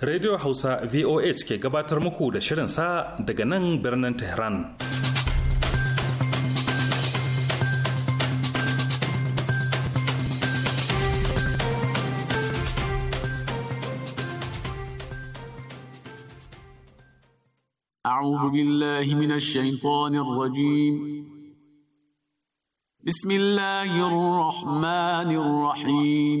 radio hausa voh ke gabatar muku da shirin daga nan birnin tehran أعوذ بالله من الشيطان الرجيم بسم الله الرحمن الرحيم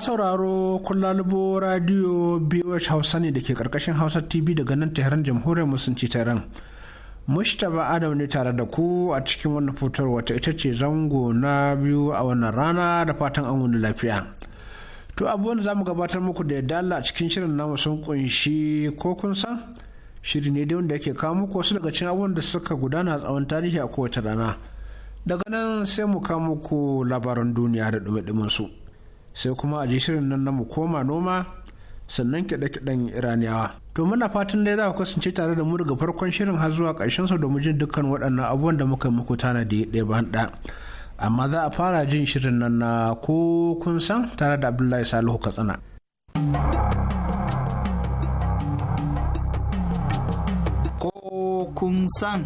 sauraro kullalubo radio BOH Hausa ne da ke karkashin Hausa TV daga nan Tehran jamhuriyar musulunci Tehran. Mushtaba Adam ne tare da ku a cikin wannan fitar wata ita ce zango na biyu a wannan rana da fatan an wani lafiya. To abubuwan za mu gabatar muku da dala a cikin shirin namu sun kunshi ko kun san shiri ne da wanda yake kawo muku wasu daga cikin abubuwan da suka gudana a tsawon tarihi a kowace rana. Daga nan sai mu kawo muku labaran duniya da dumi su. sai kuma a ji shirin nan na mu koma noma sannan kiɗe-kiɗen iraniyawa to muna fatan dai za ku kasance tare da mu daga farkon shirin har zuwa ƙarshen sa domin jin dukkan waɗannan abubuwan da muka muku tana tanadi ɗaya ban ɗa amma za a fara jin shirin nan na ko kun san tare da abdullahi salihu katsina ko kun san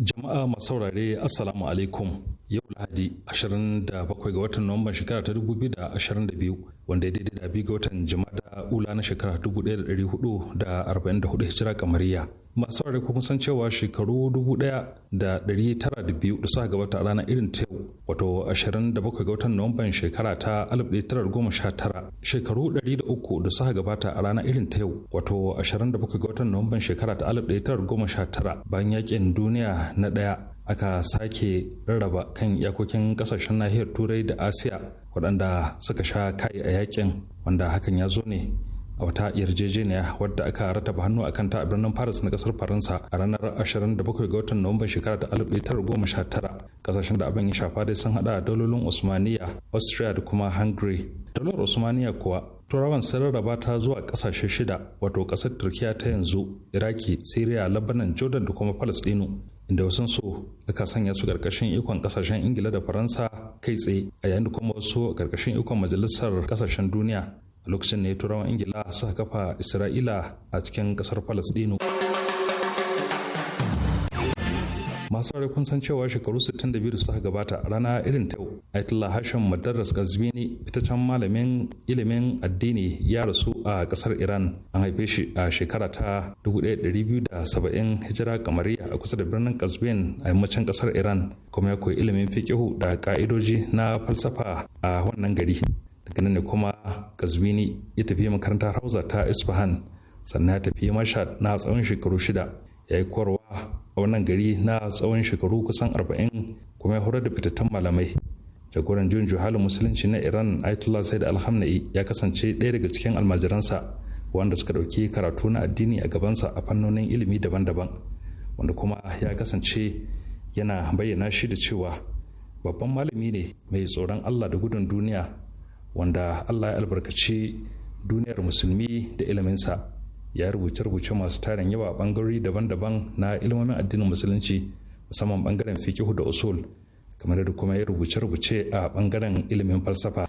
jama'a masaurare assalamu alaikum yau lahadi 27 ga watan nuwamban shekara ta 2022 wanda ya daidai da biyu ga watan jimada ula na shekara 1444 hijira kamariya masu ware kuma san cewa shekaru 1902 da suka gabata a ranar irin ta yau wato 27 ga watan nuwamban shekara ta 1919 shekaru 300 da suka gabata a ranar irin ta yau wato 27 ga watan nuwamban shekara ta 1919 bayan yakin duniya na daya aka sake rarraba kan iyakokin kasashen nahiyar turai da asiya waɗanda suka sha kai a yakin wanda hakan ya zo ne a wata yarjejeniya wadda aka rataba hannu a kanta a birnin paris na kasar faransa a ranar 27 ga watan nuwamban shekara ta 1919 kasashen da abin ya shafa dai sun hada dalolin usmaniya austria da kuma hungary dalar usmaniya kuwa turawan sun rarraba ta zuwa kasashe shida wato kasar turkiya ta yanzu iraki syria labanan jordan da kuma palestino inda wasu su aka sanya su karkashin ikon kasashen ingila da faransa kai tsaye a yayin da kuma wasu karkashin ikon majalisar kasashen duniya a lokacin ne turawan ingila suka kafa isra'ila a cikin kasar falastinu masu rai kun san cewa shekaru 62 da suka gabata a rana irin ta Aitullah Hashim madaras Gazbini fitaccen malamin ilimin addini ya rasu a kasar Iran an haife shi a shekara ta 1270 hijira kamariya a kusa da birnin Qazvin a yammacin kasar Iran kuma ya koyi ilimin fiƙihu da ka'idoji na falsafa a wannan gari daga nan ne kuma Gazbini ya tafi makarantar Hausa ta Isfahan sannan ya tafi mashad na tsawon shekaru shida ya yi korwa wannan gari na tsawon shekaru kusan arba'in kuma ya horar da fitattun malamai jagoran juyin juhalin musulunci na iran ayatollah said alhamna'i ya kasance ɗaya daga cikin almajiransa wanda suka ɗauki karatu na addini a gabansa a fannonin ilimi daban-daban wanda kuma ya kasance yana bayyana shi da cewa babban malami ne mai tsoron allah da gudun duniya wanda allah ya albarkaci duniyar musulmi da iliminsa ya rubuce rubuce masu tarin yawa a bangarori daban-daban na ilmomin addinin musulunci musamman bangaren fikihu da usul kamar da kuma ya rubuce rubuce a bangaren ilimin falsafa.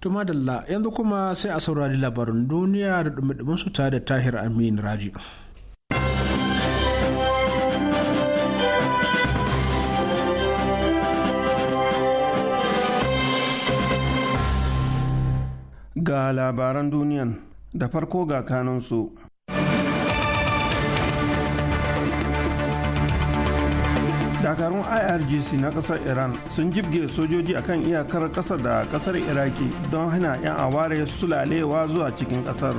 To madalla yanzu kuma sai a saurari labarin duniya da dumi su tare da Tahir Amin Raji. Ga labaran duniyan da farko ga kanunsu. dakarun irgc na kasar iran sun jibge sojoji akan iyakar kasa da kasar iraki don hana 'yan aware sulalewa zuwa cikin kasar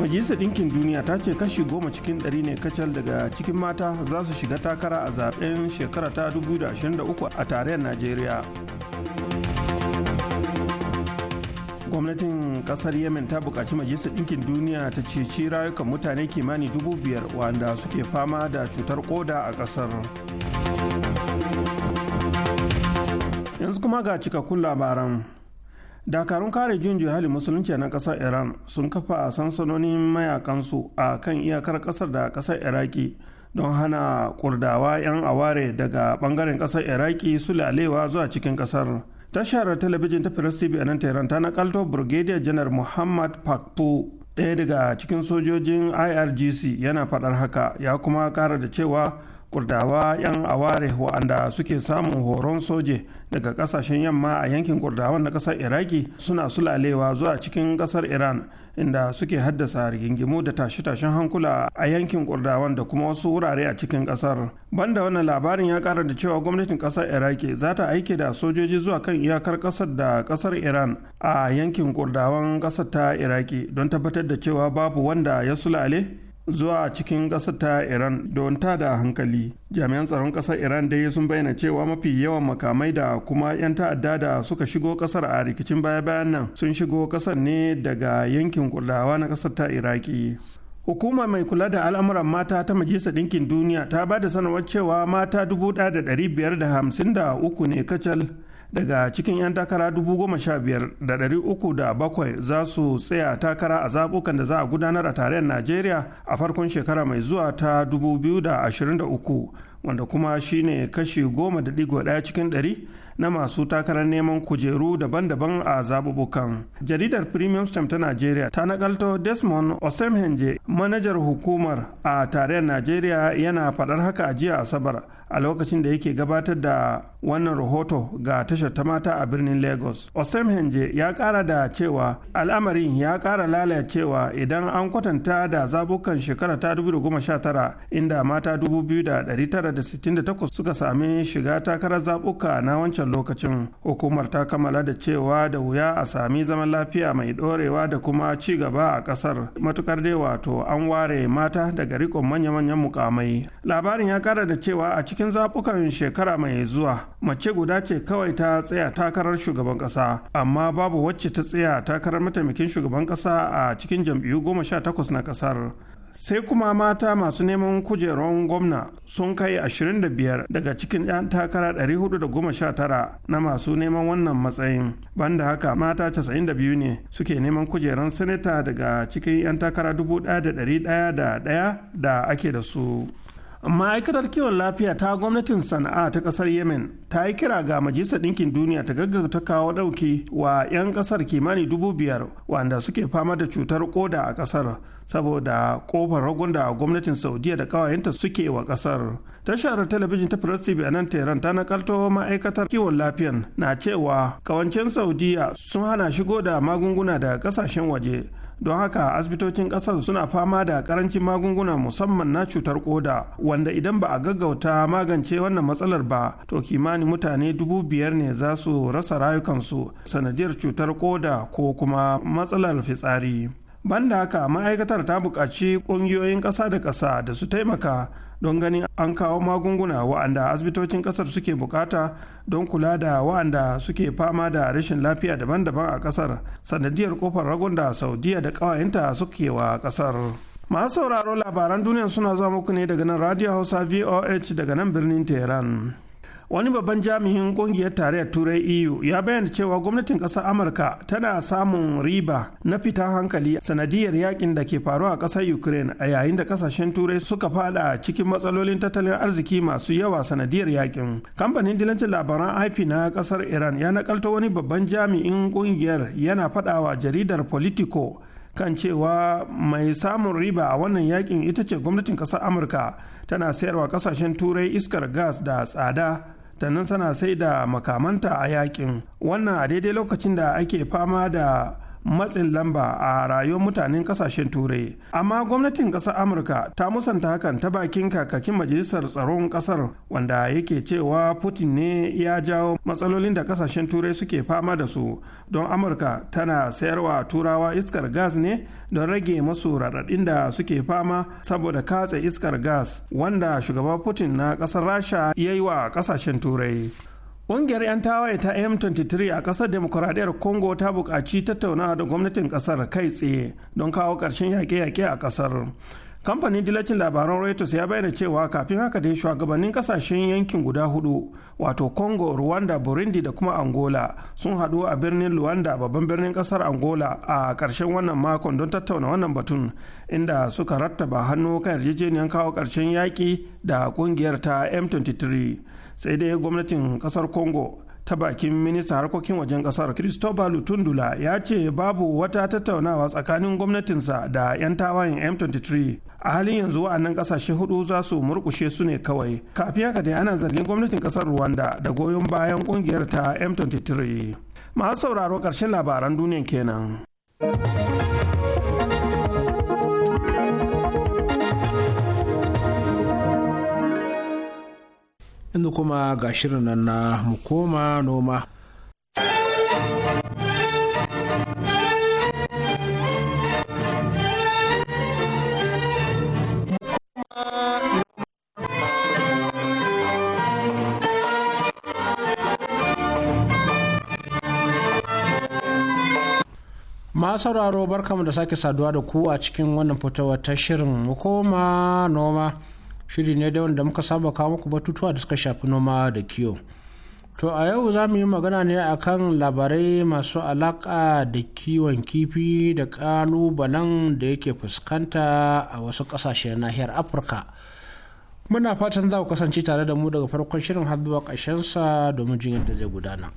majalisar ɗinkin duniya ta ce kashi goma cikin ɗari ne kacal daga cikin mata za su shiga takara a zaben shekara ta 2023 a tarayyar najeriya gwamnatin kasar yemen ta bukaci majalisar ɗinkin duniya ta ceci rayukan mutane kimani dubu biyar wanda suke fama da cutar koda a ƙasar yanzu kuma ga cikakkun labaran dakarun kare jin hali musulunci na kasar iran sun kafa sansanonin mayakansu a kan iyakar kasar da kasar iraki don hana kurdawa 'yan aware daga ɓangaren kasar iraki su lalewa zuwa cikin kasar tashar talabijin ta firas tv a nan tehran ta nakalto brigadier janar muhammad pakpu ɗaya daga cikin sojojin irgc yana faɗar haka ya kuma ƙara da cewa kurdawa 'yan aware wa'anda suke samun horon soje daga kasashen yamma a yankin kurdawan na kasar iraki suna sulalewa zuwa cikin kasar iran inda suke haddasa rigingimu da tashe-tashen hankula a yankin kurdawan da kuma wasu wurare a cikin kasar banda wannan labarin ya kara da cewa gwamnatin kasar iraki za ta aike da sojoji zuwa kan iyakar kasar da kasar iran a yankin kurdawan kasar ta iraki don tabbatar da cewa babu wanda ya sulale zuwa cikin ƙasar ta iran don ta da hankali jami'an tsaron ƙasar iran dai sun bayyana cewa mafi yawan makamai da kuma 'yan ta'adda da suka shigo ƙasar a rikicin baya-bayan nan sun shigo ƙasar ne daga yankin kulawa na ƙasar ta iraki hukuma mai kula da al'amuran mata ta majalisar ɗinkin duniya ta ba da sanarwar cewa mata uku ne kacal daga cikin 'yan takara 15,307 za su tsaya takara a zabukan da za a gudanar a tarayyar najeriya a farkon shekara mai zuwa ta 2023 wanda kuma shine kashi 10.1 cikin 100 na masu takarar neman kujeru daban-daban a zaɓuɓɓukan. Jaridar Premium Stem ta Najeriya ta nakalto Desmond Osemhenje, manajar hukumar a tarayyar Najeriya yana faɗar haka a jiya Asabar a lokacin da yake gabatar da wannan rahoto ga tashar ta mata a birnin lagos osemhenje ya kara da cewa al'amarin ya kara lalacewa idan an kwatanta da zabukan shekara ta 2019 inda mata 2,968 suka sami shiga takarar zabuka na wancan lokacin hukumar ta kammala da cewa da wuya a sami zaman lafiya mai dorewa da kuma ci gaba a kasar matukar dai wato an ware mata daga rikon manya-manyan mukamai labarin ya kara da cewa a cikin zabukan shekara mai zuwa mace guda ce kawai ta tsaya takarar shugaban kasa amma babu wacce ta tsaya takarar mataimakin shugaban kasa a cikin jam'iyyu goma sha takwas na kasar sai kuma mata masu neman kujerun gwamna sun kai 25 daga cikin 'yan takara 419 na masu neman wannan matsayin banda haka mata 92 ne suke neman kujerun sanata daga cikin 'yan takara da 1,101 da ake da su ma'aikatar kiwon lafiya ta gwamnatin sana'a ta kasar yemen ta yi kira ga majalisar ɗinkin duniya ta gaggauta kawo ɗauki wa 'yan ƙasar kimani dubu biyar wanda suke fama da cutar koda a ƙasar saboda ƙofar ragon da gwamnatin saudiya da kawayenta suke wa ƙasar tashar talabijin ta press tv a nan tehran ta nakalto ma'aikatar kiwon lafiyan na cewa kawancen saudiya sun hana shigo da magunguna daga ƙasashen waje don haka asibitocin kasar suna fama da karancin magunguna musamman na cutar koda wanda idan ba a gaggauta magance wannan matsalar ba to kimani mutane dubu biyar ne za su rasa rayukansu sanadiyar cutar koda ko kuma matsalar fitsari banda haka ma'aikatar ta buƙaci ƙungiyoyin ƙasa da ƙasa da su taimaka don ganin an kawo magunguna wa'anda asibitocin ƙasar suke bukata don kula da wa'anda suke fama da rashin lafiya daban-daban a ƙasar sanadiyar kofar ragon da saudiya da ƙawayenta suke wa ƙasar masu sauraro labaran duniya suna zuwa muku ne daga nan radio hausa voh daga nan birnin tehran wani babban jami'in kungiyar tarayyar turai eu ya bayyana cewa gwamnatin ƙasar amurka tana samun riba na fita hankali sanadiyar yakin da ke faruwa a kasar ukraine a yayin da kasashen turai suka fada cikin matsalolin tattalin arziki masu yawa sanadiyar yakin kamfanin dilancin labaran ip na kasar iran ya nakalto wani babban jami'in kungiyar yana fadawa jaridar politico kan cewa mai samun riba a wannan yakin ita ce gwamnatin ƙasar amurka tana sayarwa kasashen turai iskar gas da tsada tannan sana sai da makamanta a yakin wannan a daidai lokacin da ake fama da matsin lamba a rayuwar mutanen kasashen turai amma gwamnatin ƙasar amurka ta musanta hakan ta bakin kakakin majalisar tsaron kasar wanda yake cewa putin ne ya jawo matsalolin da kasashen turai suke fama da su don amurka tana sayarwa turawa iskar gas ne don rage masu raɗaɗin da suke fama saboda katse iskar gas wanda shugaba putin na ƙasar rasha ya yi wa ƙasashen turai ƙungiyar 'yan tawaye ta m23 a ƙasar demokuraɗiyar congo ta buƙaci tattaunawa da gwamnatin ƙasar kai tsaye don kawo ƙarshen yaƙe-yaƙe a ƙasar kamfanin dilacin labaran reuters ya bayyana cewa kafin haka dai shugabannin kasashen yankin guda hudu wato congo rwanda burundi da kuma angola sun haɗu a birnin luanda babban birnin ƙasar angola a ƙarshen wannan makon don tattauna wannan batun inda suka rattaba hannu kan yarjejeniyar kawo ƙarshen yaƙi da ƙungiyar ta m23 sai dai gwamnatin ƙasar congo ta bakin minista harkokin wajen kasar Christopher Lutundula ya ce babu wata tattaunawa tsakanin gwamnatinsa da 'yan tawayen M23 a halin yanzu wa'annan ƙasashe hudu za su murkushe su ne kawai kafin haka dai ana zargin gwamnatin ƙasar rwanda da goyon bayan kungiyar ta m23 masu sauraro ƙarshen labaran duniya kenan yanzu kuma ga shirin nan na mu koma noma ma sauraro barkamu da sake saduwa da ku a cikin wannan fitowa ta shirin koma noma shiri ne da wanda muka saba kawo muku batutuwa da suka shafi noma da kiwo to a yau za mu yi magana ne akan labarai masu alaka da kiwon kifi da kalubalen da yake fuskanta a wasu kasashe nahiyar afirka muna fatan za ku kasance tare da mu daga farkon shirin har zuwa sa domin jin yadda zai gudana.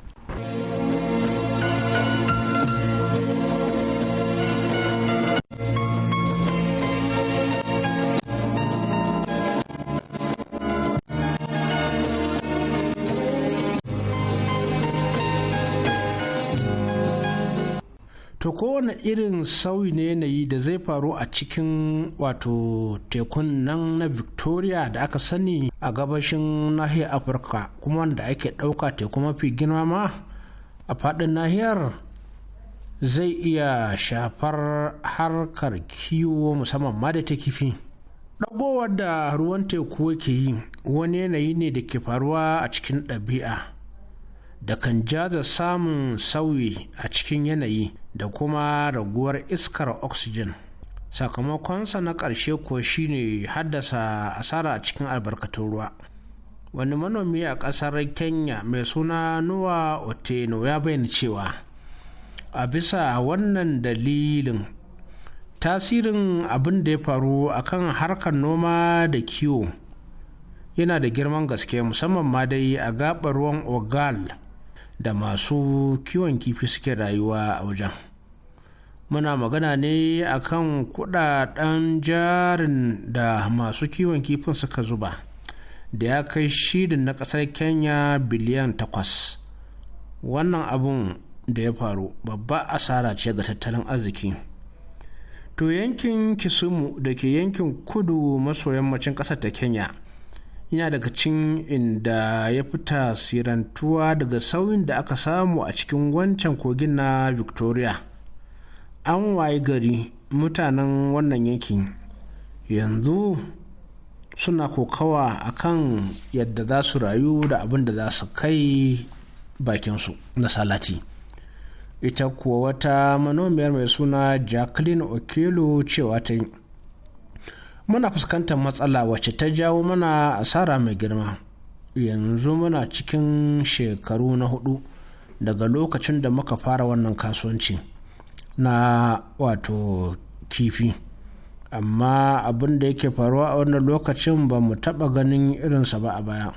kowane irin sauyi na yanayi da zai faru a cikin wato tekun nan na victoria da aka sani a gabashin nahiyar afirka kuma da ake ɗauka teku mafi girma ma a faɗin nahiyar zai iya shafar harkar kiwo musamman ma da ta kifi ɗagowar da ruwan teku yake yi wani yanayi ne da ke faruwa a cikin ɗabi'a da kan jaza samun sauyi a cikin yanayi da kuma raguwar iskar oxygen sakamakonsa na ƙarshe ko shine haddasa asara a cikin albarkatun ruwa wani manomi a ƙasar kenya mai suna nuwa oteno ya bayyana cewa a bisa wannan dalilin tasirin abin da ya faru akan harkar noma da kiwo yana da girman gaske musamman ma dai a gaɓar ruwan ogal da masu kiwon kifi suke rayuwa a wajen muna magana ne akan kudaden jarin da masu kiwon kifin suka zuba da ya kai shirin na kasar kenya biliyan takwas wannan abun da ya faru babba asara ce ga tattalin arziki to yankin kisumu da ke yankin kudu maso yammacin kasar ta kenya yana daga cin inda ya fita tasirantuwa daga sauyin da aka samu a cikin wancan kogin na victoria an waye gari mutanen wannan yankin yanzu suna kokawa akan yadda za su rayu da abin da za su kai bakinsu na salati ita kuwa wata manomiyar mai suna jacqueline okelo cewa ta yi muna fuskantar matsala wacce ta jawo mana asara mai girma yanzu muna cikin shekaru na hudu daga lokacin da muka fara wannan kasuwanci na wato kifi amma abin da yake faruwa a wannan lokacin ba mu taɓa ganin irinsa ba a baya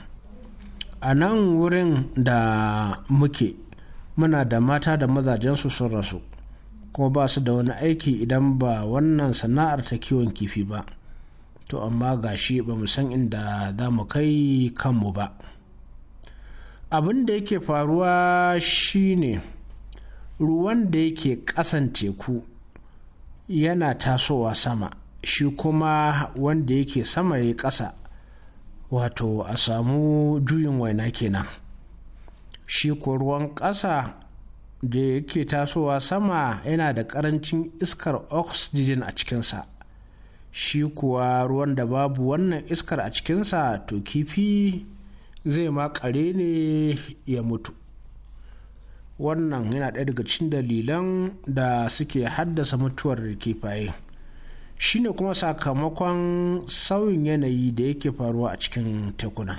a nan wurin da muke muna da mata da mazajensu sun rasu ko ba su da wani aiki idan ba wannan sana'ar ta kiwon kifi ba to amma shi ba mu san inda za mu kai kanmu ba abin da yake faruwa shine ruwan da yake ƙasan teku yana tasowa sama shi kuma wanda yake sama ya ƙasa wato a samu juyin waina kenan shi ko ruwan ƙasa da yake tasowa sama yana da ƙarancin iskar oxygen a cikinsa shi kuwa ruwan da babu wannan iskar a cikinsa to kifi zai makare ne ya mutu wannan yana ɗaya daga cikin dalilan da suke haddasa mutuwar kifaye shine kuma sakamakon sauyin yanayi da yake faruwa a cikin tekuna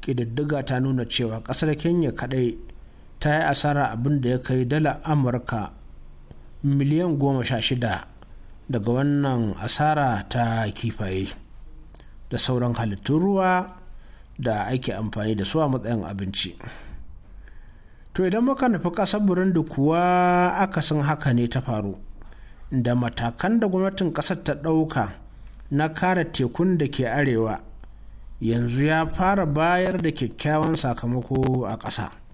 ƙididdiga ta nuna cewa ƙasar kenya kaɗai ta yi asara abin da ya kai dala amurka miliyan goma sha shida daga wannan asara ta kifaye da sauran halittun ruwa da ake amfani da su a matsayin abinci to idan muka nufi ƙasar burundi kuwa akasin haka ne ta faru da matakan da gwamnatin ƙasar ta ɗauka na kare tekun da ke arewa yanzu ya fara bayar da kyakkyawan sakamako a ƙasa.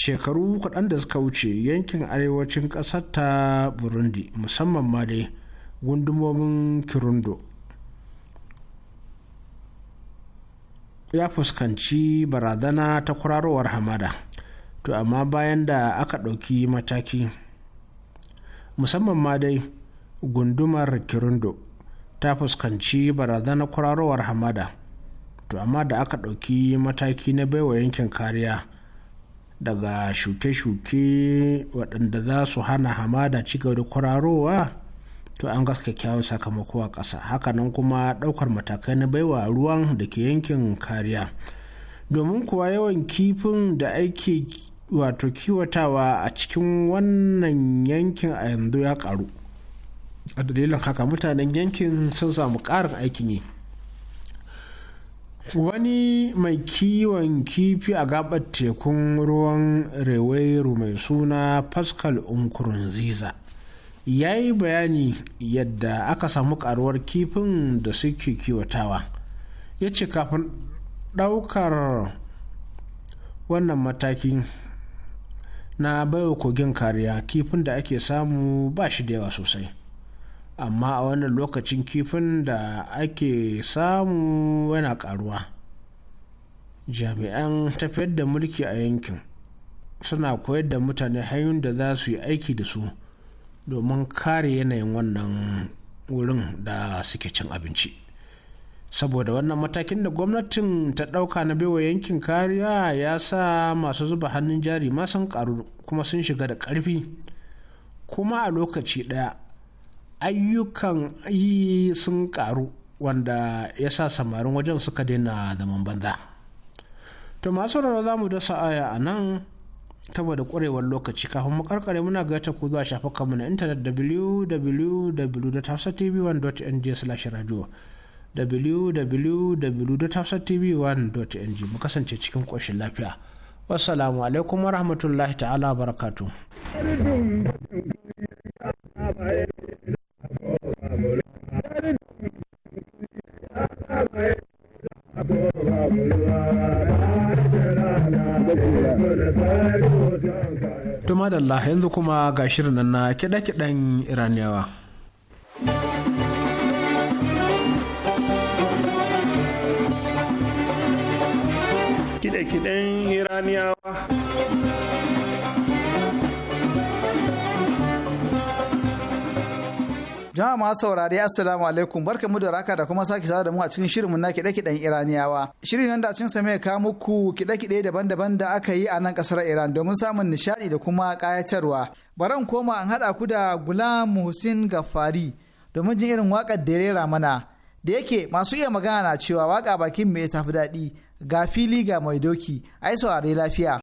shekaru kaɗan da suka wuce yankin arewacin ƙasar ta burundi musamman ma dai gundumomin kirundo ya fuskanci barazana ta kwararowar hamada to amma bayan da aka ɗauki mataki musamman ma dai gundumar kirundo ta fuskanci barazana kwararowar hamada to amma da aka ɗauki mataki na baiwa yankin kariya daga shuke-shuke waɗanda za su hana hamada ci gaba da kwararowa to an gaske kyawun sakamako a ƙasa hakanan kuma ɗaukar matakai na baiwa ruwan da ke yankin kariya domin kuwa yawan kifin da ake wato kiwatawa a cikin wannan yankin a yanzu ya ƙaru a dalilin haka mutanen yankin sun samu ƙarin aikin yi wani mai kiwon kifi a gabar tekun ruwan reweru mai suna pascal nkurunziza ya yi bayani yadda aka samu karuwar kifin da suke kiwatawa ya ce kafin daukar wannan mataki na baiwa kogin kariya kifin da ake samu ba shi da yawa sosai amma a wannan lokacin kifin da ake samu yana karuwa jami'an tafiyar da mulki a yankin suna koyar da mutane hanyoyin da za su yi aiki da su domin kare yanayin wannan wurin da suke cin abinci saboda wannan matakin da gwamnatin ta dauka na baiwa yankin kariya ya sa masu zuba hannun jari ma sun karu kuma sun shiga da karfi kuma a lokaci ɗaya ayyukan yi sun karu wanda ya sa samarin wajen suka daina zaman banza to masu rarra za mu dasa aya a nan saboda kwarewar lokaci kafin mu karkare muna gaita ku zuwa shafukanmu na intanet wwwtv 1ng radio wwwtv 1ng mu kasance cikin koshin lafiya wassalamu alaikum warahmatullahi ta'ala barakatu Tuma da Allah yanzu kuma ga shirin nan na kiɗa-kiɗan Iraniyawa. Kiɗa-kiɗan Iraniyawa. jama'a masu saurare assalamu alaikum barka mu da raka da kuma sake sada da mu a cikin shirinmu na kiɗe-kiɗen iraniyawa shirin nan da cin sa mai ka muku kiɗe-kiɗe daban-daban da aka yi a nan ƙasar iran domin samun nishaɗi da kuma ƙayatarwa baran koma an haɗa ku da gulam hussein gafari domin jin irin wakar da rera mana da yake masu iya magana na cewa waka bakin mai tafi daɗi ga fili ga mai doki ai saurari lafiya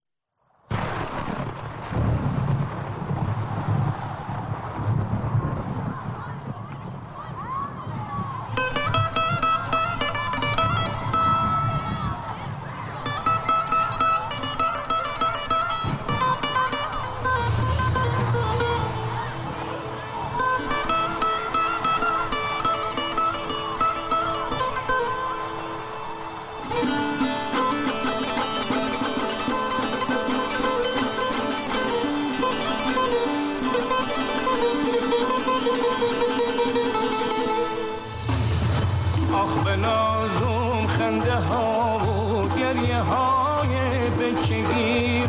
زوم خنده ها و گریه های بچگیر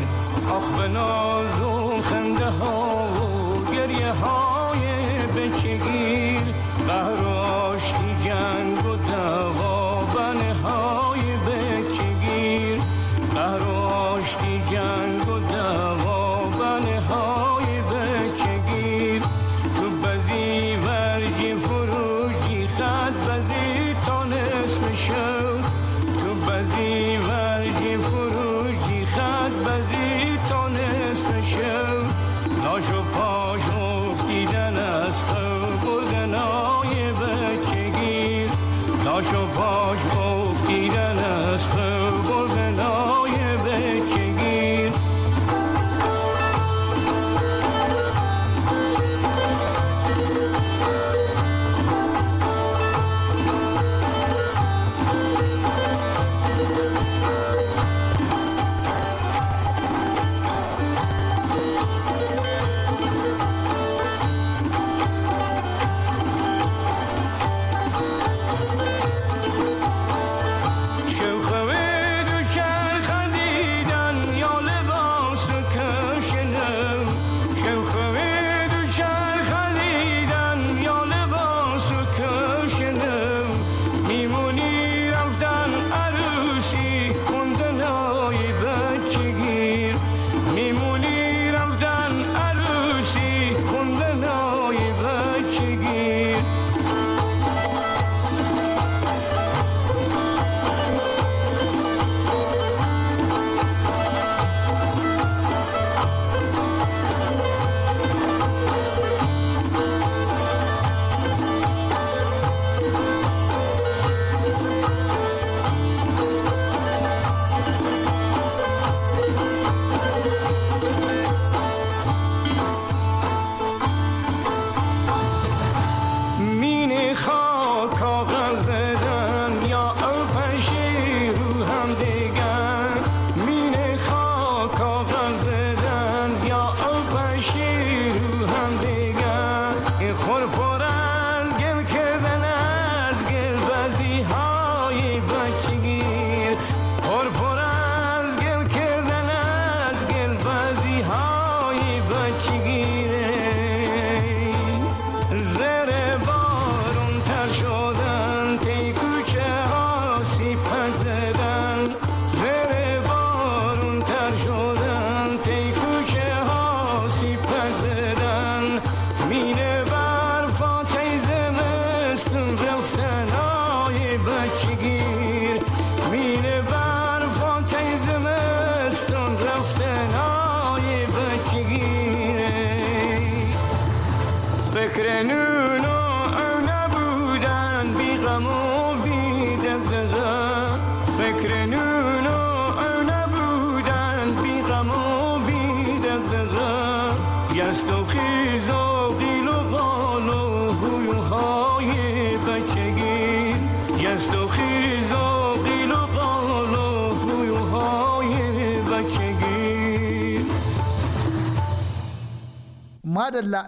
آخ به خنده ها و گریه های بچگیر بهر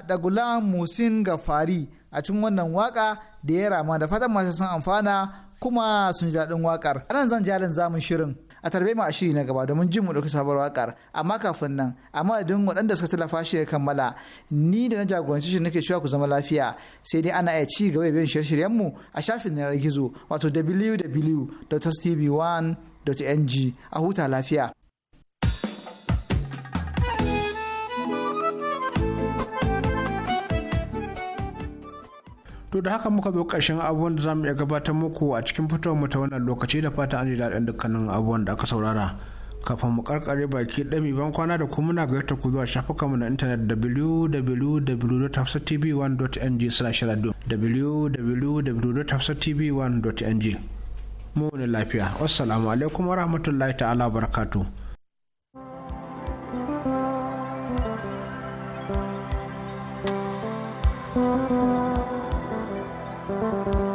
da Gulam Musin Gafari a cikin wannan waka da ya rama da fatan masu sun amfana kuma sun ji daɗin wakar. Anan zan jalin zamun shirin. A tarbe mu a shiri na gaba domin jin mu ɗauki sabuwar wakar amma kafin nan amma idan waɗanda suka tallafa shi ya kammala ni da na jagoranci shi nake cewa ku zama lafiya sai dai ana iya ci gaba da bin shirye-shiryen mu a shafin yanar gizo wato www.tv1.ng a huta lafiya. to da haka muka zo ƙarshen abubuwan da za mu iya gabatar muku a cikin fitowar mu ta wannan lokaci da fata an ji daɗin dukkanin abubuwan da aka saurara kafin mu karkare baki ɗami ban kwana da kuma muna gayyata ku zuwa shafukanmu na intanet www.hafsatv1.ng slash radio www.hafsatv1.ng mu ne lafiya wassalamu alaikum wa rahmatullahi ta'ala barakatu. thank you Thank you.